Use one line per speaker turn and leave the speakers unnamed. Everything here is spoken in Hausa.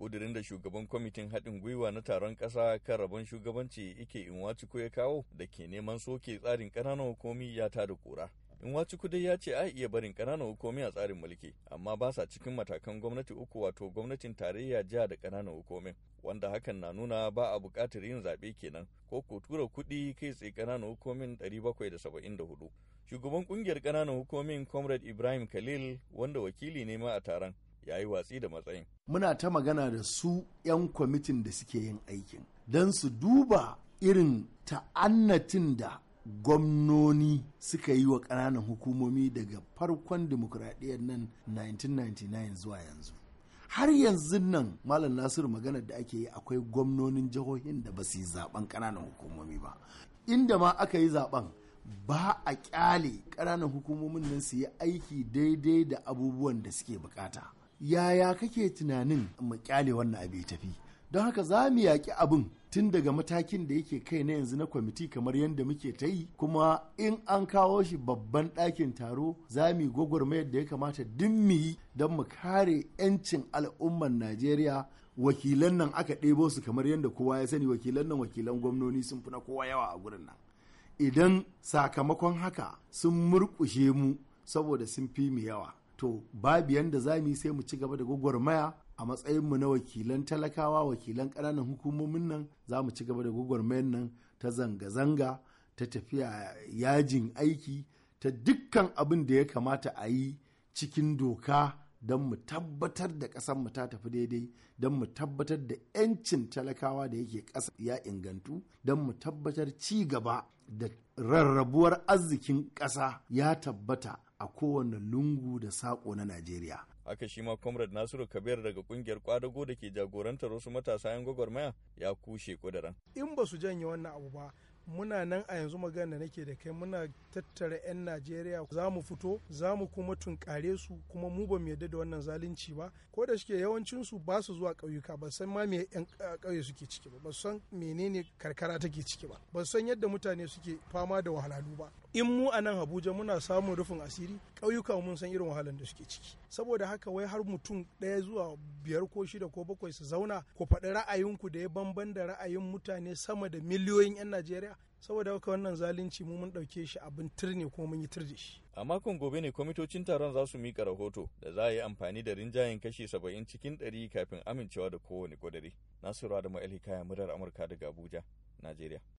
kudirin da shugaban kwamitin haɗin gwiwa na taron ƙasa kan rabon shugabanci ike inwachukwu ya kawo da ke neman soke tsarin ƙananan hukumi ya da kura in waci dai ya ce a iya barin ƙananan hukumi a tsarin mulki amma ba sa cikin matakan gwamnati uku wato gwamnatin tarayya jiha da ƙananan hukumin wanda hakan na nuna ba a buƙatar yin zaɓe kenan ko ko tura kuɗi kai tsaye ƙananan hukumin 774 shugaban ƙungiyar ƙananan hukumin comrade ibrahim khalil wanda wakili ne ma a taron ya yi watsi da matsayin.
Muna ta magana da su 'yan kwamitin da suke yin aikin don su duba irin ta'annatin da gwamnoni suka yi wa ƙananan hukumomi daga farkon dimokuraɗiyyar nan 1999 zuwa yanzu. har yanzu nan malam nasiru maganar da ake yi akwai gwamnonin jihohin da ba su yi zaben ƙananan hukumomi ba inda ma aka yi zaben ba a ƙyale ƙananan hukumomin nan su yi aiki daidai da abubuwan da suke bukata yaya kake tunanin mu kyale wannan abu ya tafi don haka za mu yaƙi abin tun daga matakin da yake kai na yanzu na kwamiti kamar yadda muke ta yi kuma in an kawo shi babban ɗakin taro za mu yi gwagwarmayar da ya kamata duk mu yi don mu kare 'yancin al'ummar najeriya wakilan nan aka ɗebo su kamar yadda kowa ya sani wakilan nan wakilan gwamnoni sun fi na kowa yawa a gurin nan idan sakamakon haka sun murƙushe mu saboda sun fi mu yawa to babu yanda za mu yi sai mu ci gaba da gwagwarmaya a matsayinmu na wakilan talakawa wakilan ƙananan hukumomin nan za mu ci gaba da gwagwarmayar nan ta zanga-zanga ta tafiya yajin aiki ta dukkan abin da ya kamata a yi cikin doka don mu tabbatar da ƙasarmu ta tafi daidai don mu tabbatar da 'yancin talakawa da yake ƙasa ya ingantu don mu tabbatar ci gaba da rarrabuwar arzikin ƙasa ya tabbata a kowane lungu da saƙo na Najeriya.
Haka shi ma Comrade Nasiru Kabir daga kungiyar kwadago da ke jagorantar wasu matasa 'yan gwagwarmaya ya kushe kudirin.
In ba su janye wannan abu ba, muna nan a yanzu magana da nake da kai muna tattara 'yan najeriya za mu fito za mu kuma tunkare su kuma mu ba mu yadda da wannan zalunci ba ko da shike yawancin su ba su zuwa ƙauyuka ba san ma me yan ƙauye suke ciki ba ba san menene karkara take ciki ba ba san yadda mutane suke fama da wahalhalu ba in mu a nan Habuja muna samun rufin asiri ƙauyuka mun san irin wahalan da suke ciki saboda haka wai har mutum ɗaya zuwa biyar ko shida ko bakwai su zauna ku faɗi ra'ayinku da ya bamban da ra'ayin mutane sama da miliyoyin 'yan Najeriya saboda haka wannan zalunci mu mun ɗauke shi abin turne kuma mun yi tur shi.
A makon gobe ne kwamitocin taron za su mika rahoto da za a yi amfani da rinjayen kashe saba'in cikin ɗari kafin amincewa da kowane ƙudiri. Nasiru Adamu Alhikaya murar Amurka daga Abuja, Najeriya.